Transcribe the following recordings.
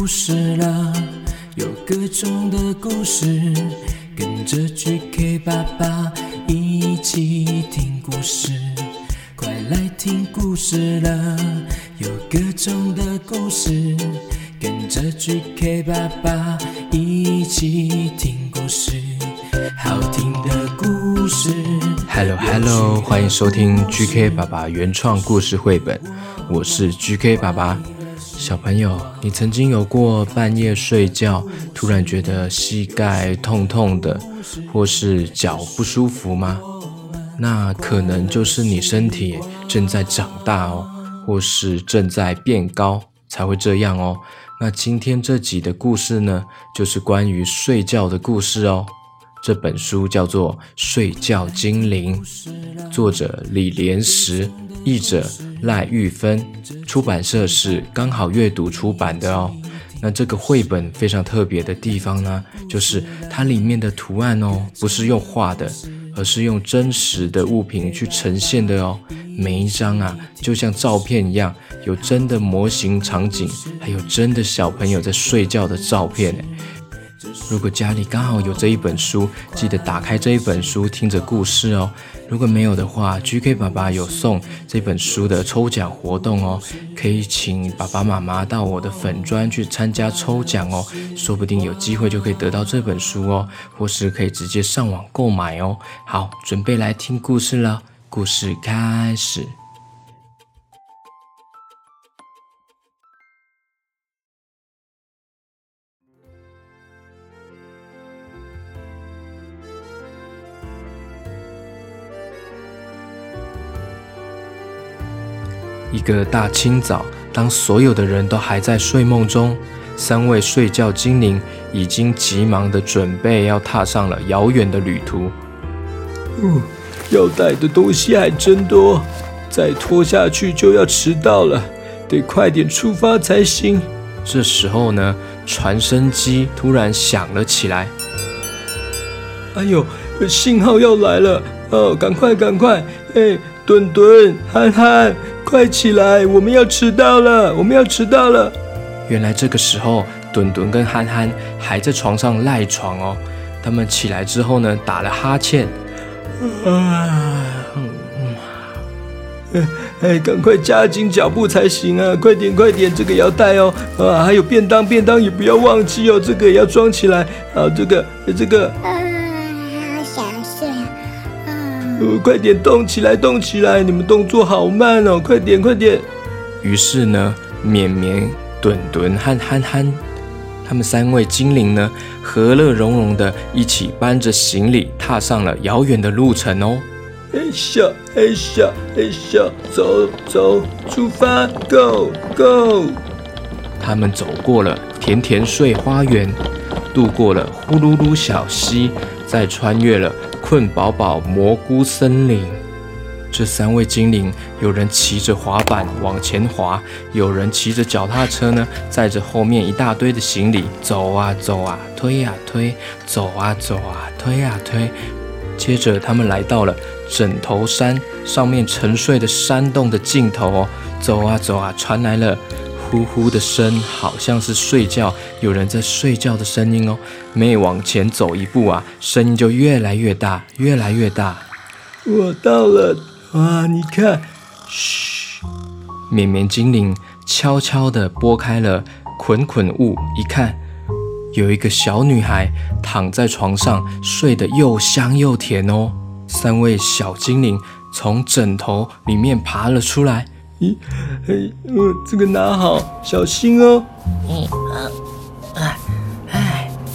故事了，有各種的故事，跟着 GK 爸爸一起聽故事。快來聽故事了，有各種的故事，跟着 GK 爸爸一起聽故事。好聽的故事，Hello, Hello，歡迎收聽 GK 爸爸原創故事繪本，我是 GK 爸爸。小朋友，你曾經有過半夜睡覺突然覺得膝蓋痛痛的，或是腳不舒服嗎？那可能就是你身體正在長大哦，或是正在變高才會這樣哦。那今天這集的故事呢，就是關於睡覺的故事哦。這本書叫做《睡覺精靈》，作者李蓮實，譯者賴毓棻，出版社是剛好閱讀出版的哦。那這個繪本非常特別的地方呢，就是它裡面的圖案哦，不是用畫的，而是用真實的物品去呈現的哦。每一張啊，就像照片一樣，有真的模型場景，還有真的小朋友在睡覺的照片。如果家裡剛好有這一本書，記得打開這一本書，聽着故事哦。如果沒有的話，GK 爸爸有送這本書的抽獎活動哦，可以請爸爸媽媽到我的粉專去參加抽獎哦，說不定有機會就可以得到這本書哦，或是可以直接上網購買哦。好，準備來聽故事了，故事開始。一個大清早，當所有的人都還在睡夢中，三位睡覺精靈已經急忙地準備要踏上了遙遠的旅途。唔、呃，要帶的東西還真多，再拖下去就要遲到了，得快點出發才行。這時候呢，傳聲機突然響了起來。哎呦，信號要來了！哦，趕快，趕快，哎！墩墩、憨憨，快起來！我們要遲到了，我們要遲到了。原來這個時候，墩墩跟憨憨還在床上賴床哦。他們起來之後呢，打了哈欠。啊嗯、哎，哎、趕快加緊腳步才行啊！快點，快點，這個要帶哦。啊，還有便當，便當也不要忘記哦，這個也要裝起來。啊，這個，哎、這個。快點動起來，動起來！你們動作好慢哦，快點，快點！於是呢，綿綿、墩墩和憨憨，他們三位精靈呢，和樂融融的一起搬着行李，踏上了遙遠的路程哦。嘿咻，嘿咻，嘿咻，走走，出發，Go Go！他們走過了甜甜睡花園，渡過了呼嚕嚕小溪，再穿越了。困飽飽蘑菇森林，這三位精靈，有人騎着滑板往前滑，有人騎着腳踏車呢，載着後面一大堆的行李。走啊走啊，推啊推，走啊走啊，推啊推。接着他們來到了枕頭山上面沉睡的山洞的盡頭。哦，走啊走啊，傳來了。呼呼的聲好像是睡覺，有人在睡覺的聲音哦。每往前走一步啊，聲音就越來越大，越來越大。我到了，哇！你看，噓，綿綿精靈悄悄地撥開了捆捆霧，一看，有一個小女孩躺在床上睡得又香又甜哦。三位小精靈從枕頭裡面爬了出來。咦，嘿，嗯，這個拿好，小心哦。嗯啊，啊，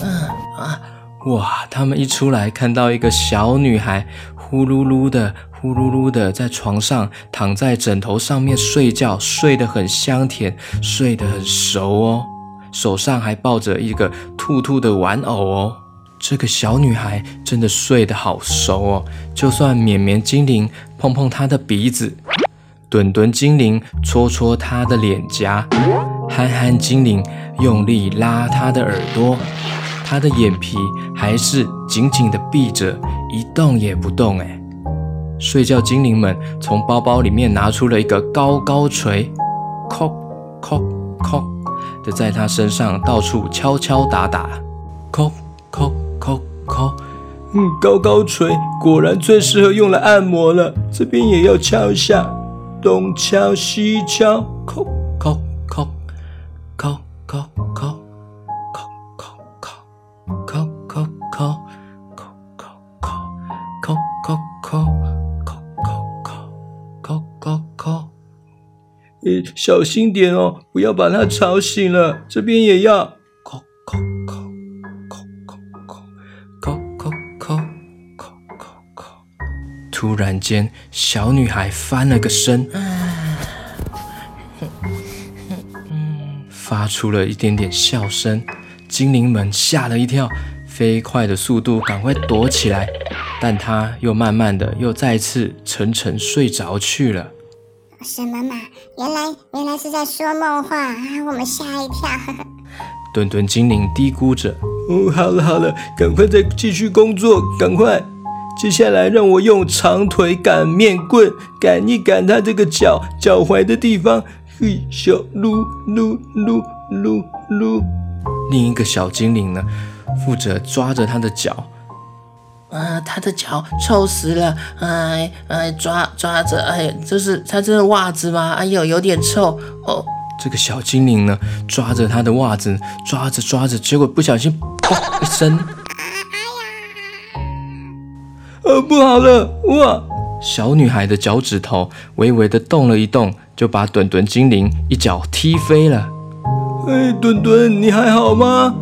嗯啊，哇！他們一出來，看到一個小女孩，呼嚕嚕的，呼嚕嚕的，在床上躺在枕頭上面睡覺，睡得很香甜，睡得很熟哦。手上還抱着一個兔兔的玩偶哦。這個小女孩真的睡得好熟哦，就算綿綿精靈碰碰她的鼻子，墩墩精靈戳戳戳他的臉頰，憨憨精靈用力拉他的耳朵，他的眼皮還是緊緊的閉着，一動也不動誒。睡覺精靈們從包包裡面拿出了一個高高錘，敲敲敲的在他身上到處敲敲打打，敲敲敲敲，嗯，高高錘果然最適合用來按摩了，這邊也要敲一下。東敲西敲，敲敲敲，敲敲敲，敲敲敲，敲敲敲，敲敲敲，敲敲敲，敲敲敲。誒，小心點哦，不要把它吵醒了。這邊也要。突然間，小女孩翻了個身，發出了一點點笑聲。精靈們嚇了一跳，飛快的速度趕快躲起來。但她又慢慢的，又再次沉沉睡着去了。什麼嘛，原來原來是在說夢話啊！我們嚇一跳。呵呵。墩墩精靈嘀咕着：“哦，好了好了，趕快再繼續工作，趕快。”接下來讓我用長腿擀麵棍擀一擀他這個腳腳踝的地方，嘿，咻嚕嚕嚕嚕嚕。另一個小精靈呢，負責抓着他的腳，啊、呃，他的腳臭死了，哎哎，抓抓着，哎，這、就是他這襪子嗎？哎喲有點臭哦。這個小精靈呢，抓着他的襪子，抓着抓着，結果不小心，噗一聲。呃、啊，不好了！哇，小女孩的腳趾頭微微的動了一動，就把墩墩精靈一腳踢飛了。哎、欸，墩墩，你還好嗎？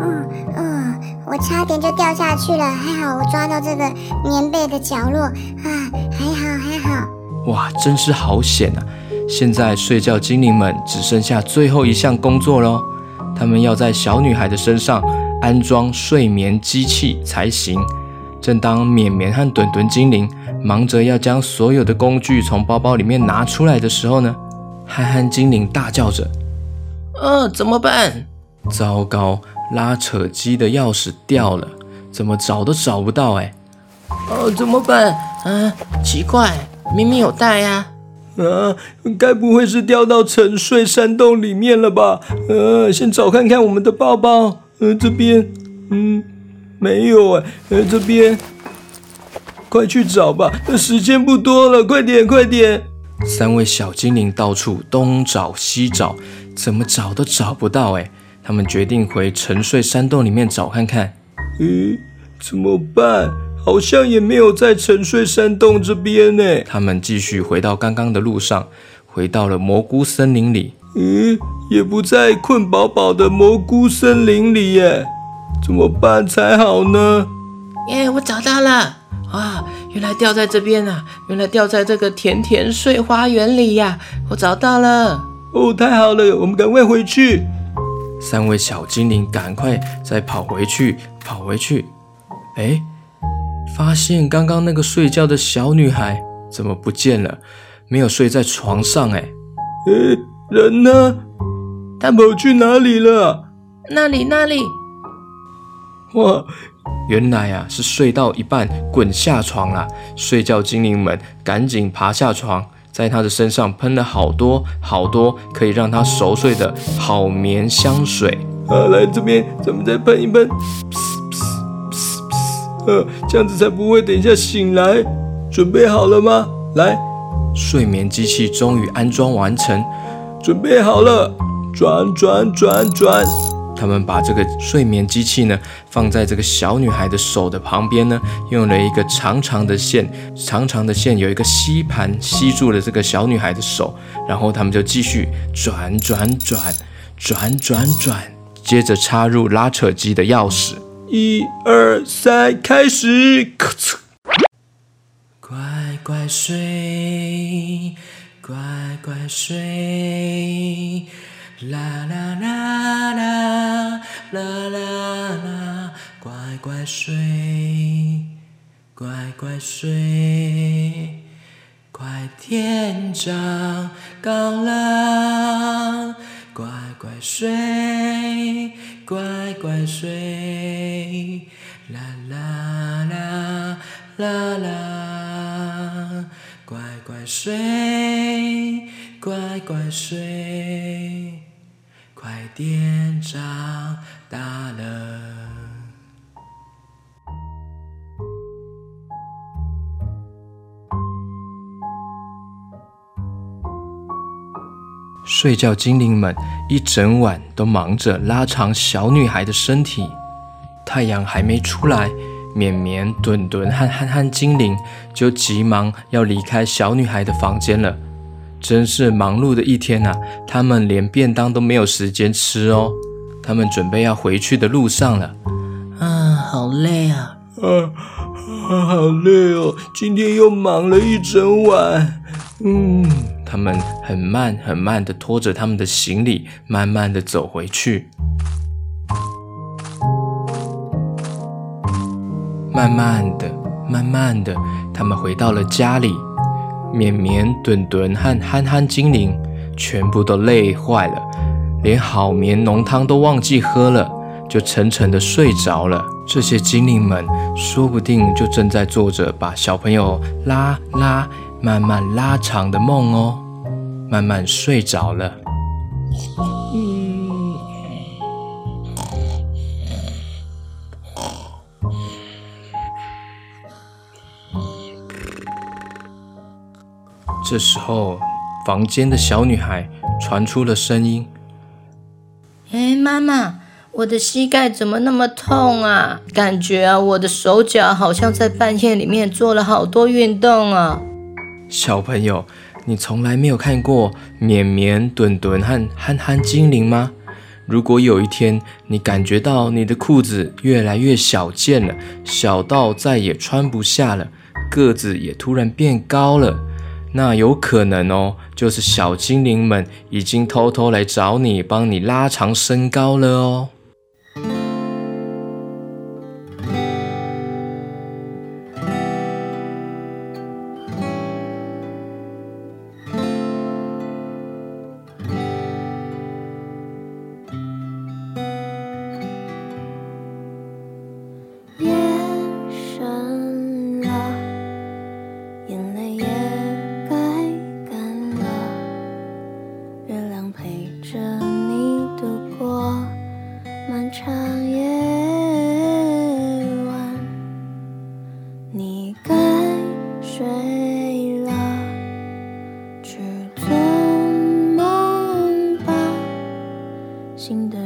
嗯、哦、嗯、哦，我差點就掉下去了，還好我抓到這個棉被的角落啊，還好還好。哇，真是好險啊！現在睡覺精靈們只剩下最後一項工作咯，他們要在小女孩的身上安裝睡眠機器才行。正當綿綿和墩墩精靈忙着要將所有的工具從包包裡面拿出來的時候呢，憨憨精靈大叫着：“啊、呃，怎麼辦？糟糕，拉扯機的鑰匙掉了，怎麼找都找不到，欸。哎，啊，怎麼辦？啊，奇怪，明明有帶呀。」「啊，該不會是掉到沉睡山洞裡面了吧？呃、啊，先找看看我們的包包，呃，這邊，嗯。”沒有哎，哎，這邊，快去找吧，那時間不多了，快點快點！三位小精靈到處東找西找，怎麼找都找不到哎。他們決定回沉睡山洞裡面找看看。咦，怎麼辦？好像也沒有在沉睡山洞這邊哎，他們繼續回到剛剛的路上，回到了蘑菇森林裡。嗯，也不在困飽飽的蘑菇森林裡耶。怎麼辦才好呢？耶！我找到了啊！原來掉在這邊啊！原來掉在這個甜甜睡花園裡呀！我找到了！哦，太好了！我們趕快回去。三位小精靈，趕快再跑回去，跑回去！哎，發現剛剛那個睡覺的小女孩怎麼不見了？沒有睡在床上哎！誒，人呢？她跑去哪裡了？那裡，那裡。哇，原來啊是睡到一半滾下床啊。睡覺精靈們趕緊爬下床，在他的身上噴了好多好多可以讓他熟睡的好眠香水。啊，來這邊，咱們再噴一噴。呃，這樣子才不會等一下醒來。準備好了嗎？來，睡眠機器終於安裝完成，準備好了，轉轉轉轉。他們把這個睡眠機器呢。放在這個小女孩的手的旁邊呢，用了一個長長的線，長長的線有一個吸盤吸住了這個小女孩的手，然後他們就繼續轉轉轉轉轉轉，接着插入拉扯機的鑰匙，一二三，開始，咔嚓。乖乖睡，乖乖睡。啦啦啦啦啦啦啦，啦，乖乖睡，乖乖睡，快天長高了！乖乖睡，乖乖睡，啦啦啦啦啦，啦，乖乖睡，乖乖睡，點長大了。睡覺精靈們一整晚都忙着拉長小女孩的身體，太陽還沒出來，綿綿、墩墩和憨憨精靈就急忙要離開小女孩的房間了。真是忙碌的一天吶，啊，他們連便當都沒有時間吃哦。他們準備要回去的路上了，啊，好累啊，啊，啊，好累哦，今天又忙了一整晚。嗯，他們很慢很慢的拖着他們的行李，慢慢的走回去，慢慢的，慢慢的，他們回到了家裡。綿綿、墩墩和憨憨精靈全部都累壞了，連好眠濃湯都忘記喝了，就沉沉的睡着了。這些精靈們說不定就正在做着把小朋友拉拉慢慢拉長的夢哦，慢慢睡着了。這時候，房間的小女孩傳出了聲音：“哎、欸，媽媽，我的膝蓋怎麼那麼痛啊？感覺啊，我的手腳好像在半夜裡面做了好多運動啊！”小朋友，你從來沒有看過綿綿、墩墩和憨憨精靈嗎？如果有一天你感覺到你的褲子越來越小件了，小到再也穿不下了，個子也突然變高了。那有可能哦，就是小精靈們已經偷偷來找你，幫你拉長身高了哦。新的。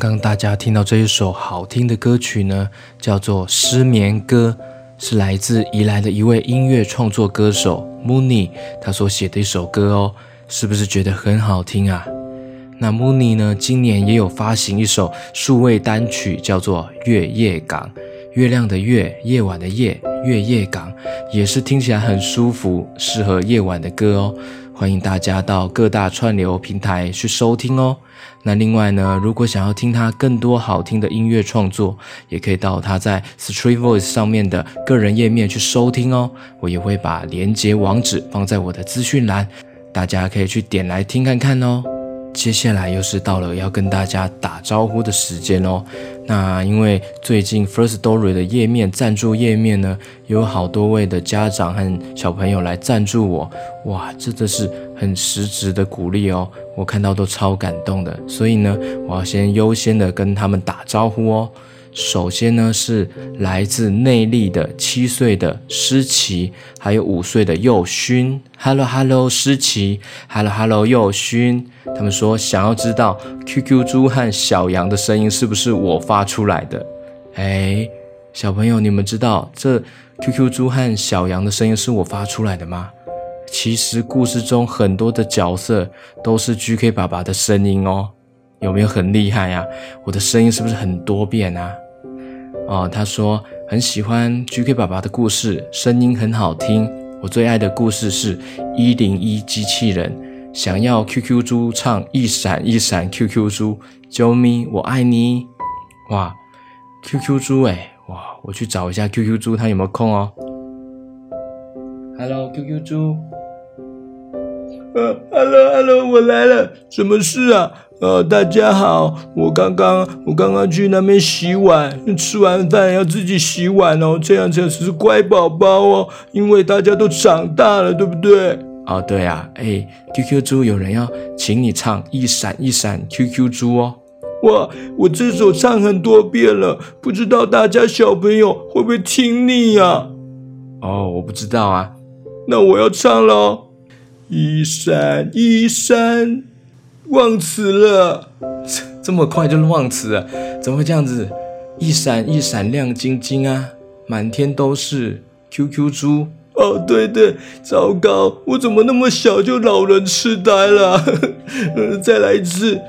剛剛大家聽到這一首好聽的歌曲呢，叫做《失眠歌》，是來自宜蘭的一位音樂創作歌手 Mooni 他所寫的一首歌哦，是不是覺得很好聽啊？那 Mooni 呢，今年也有發行一首數位單曲，叫做《月夜港》，月亮的月，夜晚的夜，月夜港，也是聽起來很舒服，適合夜晚的歌哦。歡迎大家到各大串流平台去收聽哦。那另外呢，如果想要聽他更多好聽的音樂創作，也可以到他在 Street Voice 上面的個人頁面去收聽哦。我也會把連結網址放在我的資訊欄，大家可以去點來聽看看哦。接下來又是到了要跟大家打招呼的時間哦。那因為最近 Firstory 的頁面贊助頁面呢，有好多位的家長和小朋友來贊助我，哇，這真的是很實質的鼓勵哦。我看到都超感動的，所以呢，我要先優先的跟他們打招呼哦。首先呢，是來自內地的七歲的詩琪，還有五歲的佑勳。Hello Hello，詩琪。Hello Hello，佑勳。他們說想要知道 QQ 豬和小羊的聲音是不是我發出來的。哎，小朋友，你們知道這 QQ 豬和小羊的聲音是我發出來的嗎？其實故事中很多的角色都是 GK 爸爸的聲音哦。有沒有很厲害呀、啊？我的聲音是不是很多變啊？哦，他說很喜歡 GK 爸爸的故事，聲音很好聽。我最愛的故事是《一零一機器人》，想要 QQ 豬唱一閃一閃 QQ 豬，啾咪我愛你！哇，QQ 豬哎、欸，哇，我去找一下 QQ 豬，他有沒有空哦？Hello QQ 豬，uh, Hello Hello，我來了，什麼事啊？呃、哦，大家好，我剛剛我剛剛去那邊洗碗，吃完飯要自己洗碗哦，這樣才能是乖寶寶哦，因為大家都長大了，對不對？哦，對啊，哎，QQ 豬有人要請你唱一閃一閃 QQ 豬哦，哇，我這首唱很多遍了，不知道大家小朋友會不會聽膩呀、啊？哦，我不知道啊，那我要唱嘍、哦，一閃一閃。忘詞了，這麼快就忘詞了，怎麼會這樣子？一閃一閃亮晶晶啊，滿天都是 QQ 豬。哦，對對，糟糕，我怎麼那麼小就老人痴呆了？呃， 再來一次。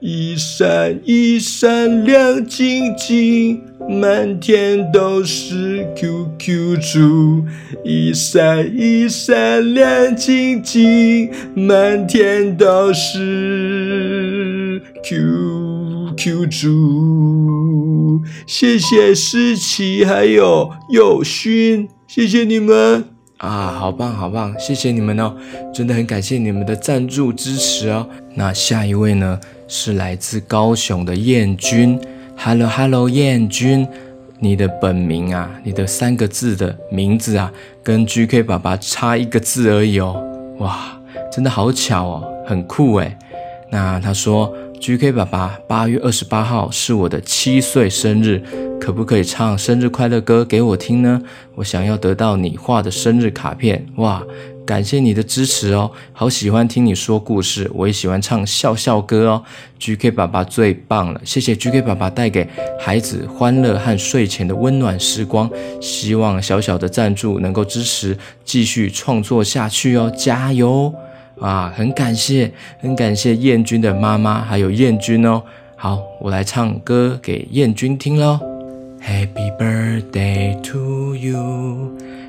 一閃一閃亮晶晶，滿天都是 QQ 豬。一閃一閃亮晶晶，滿天都是 QQ 豬。謝謝思琪，還有友勳，謝謝你們啊！好棒，好棒，謝謝你們哦，真的很感謝你們的贊助支持哦。那下一位呢？是來自高雄的燕君，Hello Hello，燕君，你的本名啊，你的三個字的名字啊，跟 GK 爸爸差一個字而已哦，哇，真的好巧哦，很酷哎。那他說，GK 爸爸八月二十八號是我的七歲生日，可不可以唱生日快樂歌給我聽呢？我想要得到你畫的生日卡片，哇。感謝你的支持哦，好喜歡聽你說故事，我也喜歡唱笑笑歌哦。GK 爸爸最棒了，謝謝 GK 爸爸帶給孩子歡樂和睡前的溫暖時光。希望小小的贊助能夠支持繼續創作下去哦，加油！啊，很感謝，很感謝燕君的媽媽還有燕君哦。好，我來唱歌給燕君聽咯。Happy birthday to you.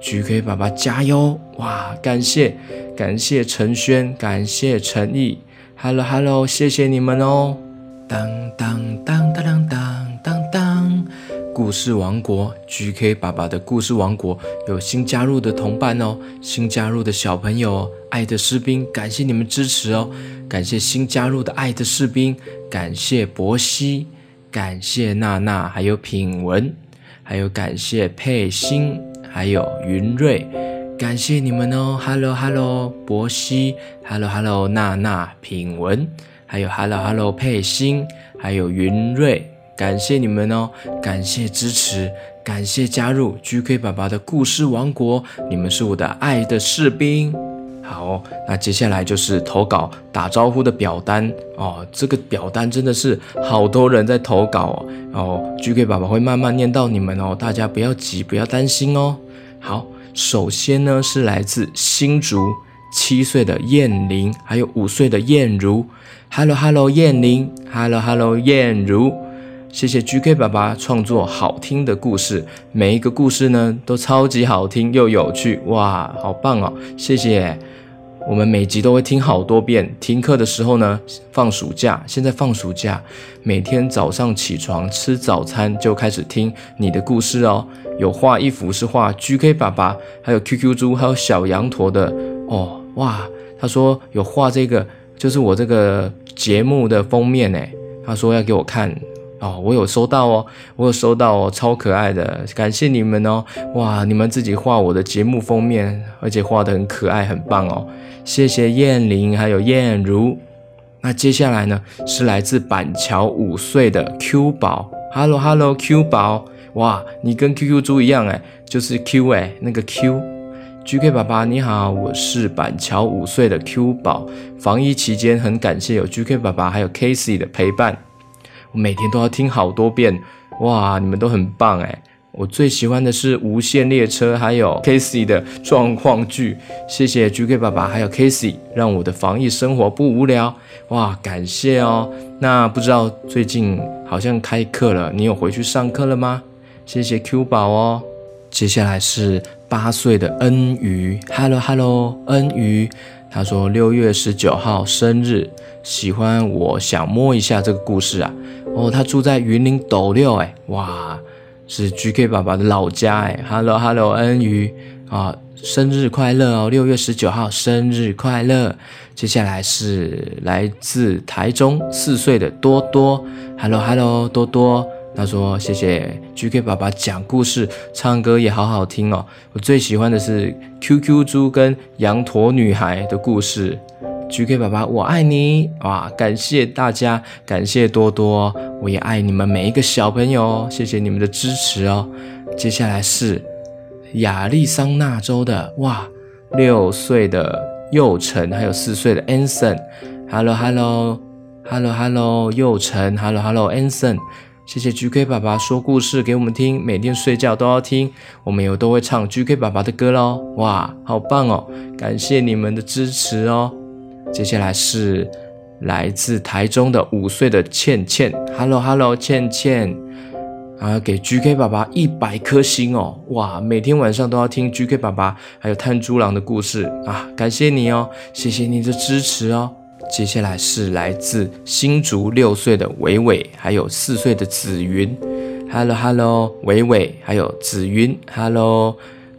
GK 爸爸加油哇！感謝感謝陳軒，感謝陳毅。哈嘍哈嘍，謝謝你們哦。當當當當當當當，當，故事王國 GK 爸爸的故事王國有新加入的同伴哦，新加入的小朋友愛的士兵，感謝你們支持哦，感謝新加入的愛的士兵，感謝博西，感謝娜娜，還有品文，還有感謝佩欣。還有雲瑞，感謝你們哦，Hello Hello，博熙，Hello Hello，娜娜，品文，還有 Hello Hello，佩欣，還有雲瑞，感謝你們哦，感謝支持，感謝加入 GK 爸爸的故事王國，你們是我的愛的士兵。好，那接下來就是投稿打招呼的表單哦。這個表單真的是好多人在投稿哦。然後，哦 GK 爸爸會慢慢念到你們哦，大家不要急，不要擔心哦。好，首先呢是來自新竹七歲的燕玲，還有五歲的燕如。Hello Hello 燕玲，Hello Hello 燕如，謝謝 GK 爸爸創作好聽的故事，每一個故事呢都超級好聽又有趣，哇，好棒哦，謝謝。我們每集都會聽好多遍。聽課的時候呢，放暑假。現在放暑假，每天早上起床吃早餐就開始聽你的故事哦。有畫一幅是畫 GK 爸爸，還有 QQ 豬，還有小羊駝的哦。哇，他說有畫這個，就是我這個節目的封面誒，他說要給我看哦，我有收到哦，我有收到哦，超可愛的，感謝你們哦。哇，你們自己畫我的節目封面，而且畫得很可愛，很棒哦。謝謝燕玲，還有燕如。那接下來呢，是來自板橋五歲的 Q 寶，Hello Hello Q 寶，哇，你跟 QQ 豬一樣誒、欸、就是 Q 誒、欸、那個 Q。GK 爸爸，你好，我是板橋五歲的 Q 寶。防疫期間很感謝有 GK 爸爸，還有 Casey 的陪伴，我每天都要聽好多遍，哇，你們都很棒誒、欸。我最喜歡的是《無限列車》，還有 Casey 的狀況劇。謝謝 GK 爸爸，還有 Casey，讓我的防疫生活不無聊。哇，感謝哦。那不知道最近好像開課了，你有回去上課了嗎？謝謝 Q 寶哦。接下來是八歲的恩於 Hello Hello，恩於，他說六月十九號生日，喜歡，我想摸一下這個故事啊。哦，他住在雲林斗六，哎，哇。是 GK 爸爸的老家哎，Hello Hello，恩瑜啊，生日快樂哦，六月十九號生日快樂。接下來是來自台中四歲的多多，Hello Hello，多多，他說謝謝 GK 爸爸講故事，唱歌也好好聽哦，我最喜歡的是 QQ 豬跟羊駝女孩的故事。GK 爸爸，我愛你！哇，感謝大家，感謝多多，我也愛你們每一個小朋友哦，謝謝你們的支持哦。接下來是亞利桑那州的哇，六歲的幼晨，還有四歲的 Enson，Hello Hello Hello Hello，幼晨，Hello Hello Enson，謝謝 GK 爸爸說故事給我們聽，每天睡覺都要聽，我們以後都會唱 GK 爸爸的歌嘍，哇，好棒哦，感謝你們的支持哦。接下來是來自台中的五歲的倩倩。Hello Hello 倩倩。啊給 GK 爸爸一百顆星哦，哇，每天晚上都要聽 GK 爸爸還有探珠郎的故事啊，感謝你哦，謝謝你的支持哦。接下來是來自新竹六歲的偉偉，還有四歲的紫雲，Hello Hello 偉偉，還有紫雲，Hello。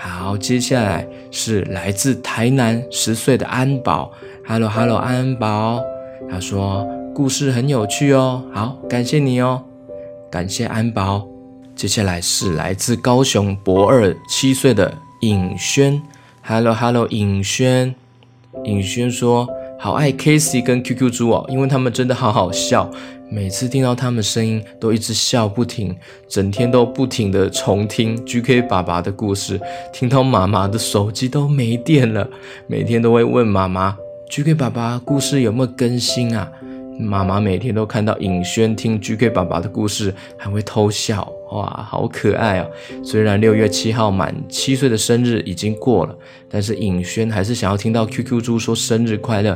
好，接下來是來自台南十歲的安寶 Hello Hello 安，安寶，他說故事很有趣哦，好感謝你哦，感謝安寶。接下來是來自高雄博二七歲的尹軒，Hello Hello 尹軒，尹軒說好愛 Casey 跟 QQ 豬哦，因為他們真的好好笑。每次聽到他們聲音，都一直笑不停，整天都不停地重聽 G K 爸爸的故事，聽到媽媽的手機都沒電了，每天都會問媽媽，G K 爸爸故事有沒有更新啊？媽媽每天都看到尹軒聽 G K 爸爸的故事，還會偷笑，哇，好可愛啊！哦。雖然六月七號滿七歲的生日已經過了，但是尹軒還是想要聽到 Q Q 豬說生日快樂。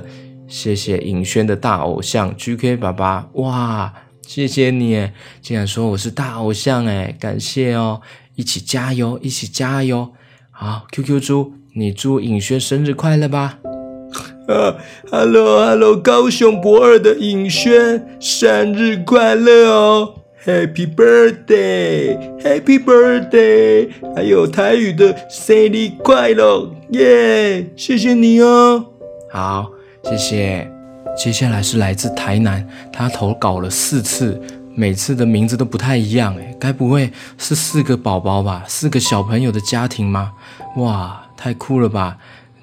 謝謝尹軒的大偶像 G K 爸爸，哇，謝謝你竟然說我是大偶像誒，感謝哦，一起加油，一起加油，好，Q Q 豬，你祝尹軒生日快樂吧。啊，uh，Hello Hello，高雄博爾的尹軒生日快樂哦，Happy Birthday，Happy Birthday，還有台語的生日快樂耶，yeah, 謝謝你哦，好。謝謝。接下來是來自台南，他投稿了四次，每次的名字都不太一樣，欸，哎，該不會是四個寶寶吧？四個小朋友的家庭嗎？哇，太酷了吧！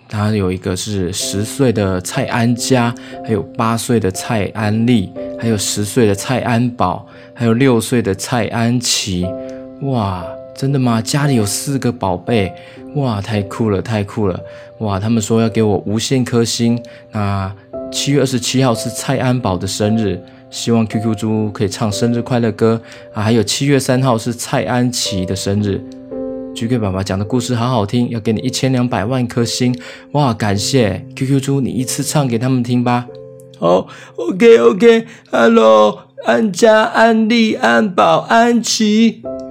他有一個是十歲的蔡安嘉，還有八歲的蔡安麗，還有十歲的蔡安寶，還有六歲的蔡安琪。哇！真的嗎？家裡有四個寶貝，哇，太酷了，太酷了，哇！他們說要給我無限顆星。那、啊、七月二十七號是蔡安寶的生日，希望 QQ 豬可以唱生日快樂歌啊。還有七月三號是蔡安琪的生日，GK 爸爸講的故事好好聽，要給你一千兩百萬顆星，哇！感謝 QQ 豬，你一次唱給他們聽吧。好、oh，OK，OK，Hello，okay, okay. 安家、安利、安保、安琪。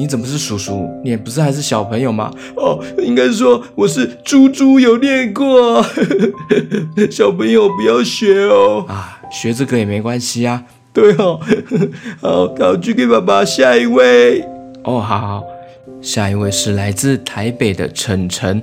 你怎麼是叔叔？你不是還是小朋友嗎？哦，應該說我是豬豬有練過。 小朋友不要學哦。啊，學這個也沒關係啊。對哦， 好，考卷給爸爸。下一位。哦，好，好，下一位是來自台北的晨晨。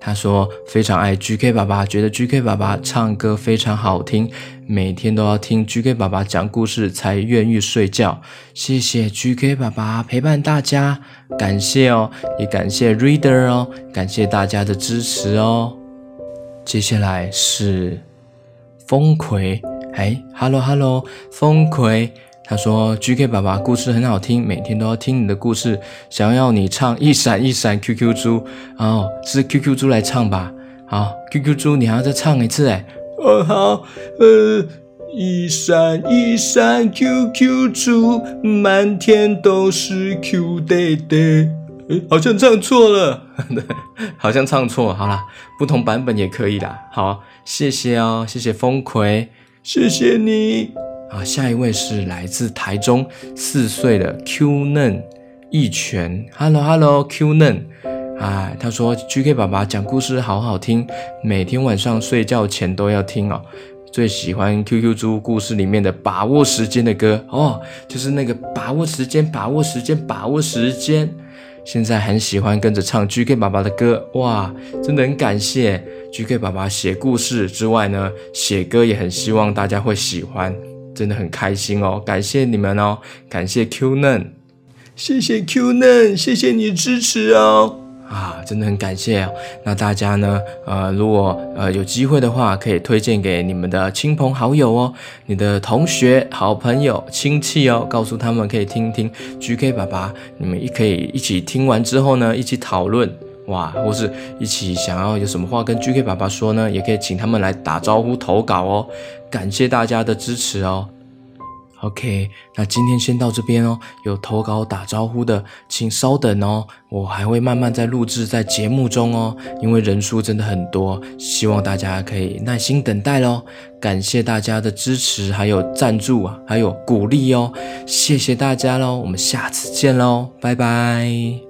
他說：“非常愛 GK 爸爸，覺得 GK 爸爸唱歌非常好聽，每天都要聽 GK 爸爸講故事才願意睡覺。謝謝 GK 爸爸陪伴大家，感謝哦，也感謝 Reader 哦，感謝大家的支持哦。”接下來是風葵，誒，哈嘍哈嘍，風葵。他說：“GK 爸爸，故事很好聽，每天都要聽你的故事。想要你唱一閃一閃 QQ 豬，哦，是 QQ 豬來唱吧。好，QQ 豬，你還要再唱一次、欸。哎、哦，好，呃，一閃一閃 QQ 豬，滿天都是 Q D D，欸，好像唱錯了，好像唱錯。 好了，不同版本也可以啦。好，謝謝哦，謝謝風葵，謝謝你。”啊，下一位是來自台中四歲的 Q 嫩一拳。Hello，Hello，Q 嫩啊，他說 GK 爸爸講故事好好聽，每天晚上睡覺前都要聽哦。最喜歡 QQ 豬故事裡面的《把握時間》的歌哦，就是那個把握時間，把握時間，把握時間。現在很喜歡跟着唱 GK 爸爸的歌，哇，真的很感謝 GK 爸爸寫故事之外呢，寫歌也很希望大家會喜歡。真的很開心哦，感謝你們哦，感謝 Q 嫩，謝謝 Q 嫩，謝謝你支持哦，啊，真的很感謝哦。那大家呢，呃，如果呃有機會的話，可以推薦給你們的親朋好友哦，你的同學、好朋友、親戚哦，告訴他們可以聽聽 GK 爸爸，你們一可以一起聽完之後呢，一起討論。哇，或是一起想要有什麼話跟 GK 爸爸說呢，也可以請他們來打招呼投稿哦。感謝大家的支持哦。OK，那今天先到這邊哦。有投稿打招呼的，請稍等哦。我還會慢慢在錄製在節目中哦，因為人數真的很多，希望大家可以耐心等待囉。感謝大家的支持，還有贊助啊，還有鼓勵哦。謝謝大家嘍，我們下次見嘍，拜拜。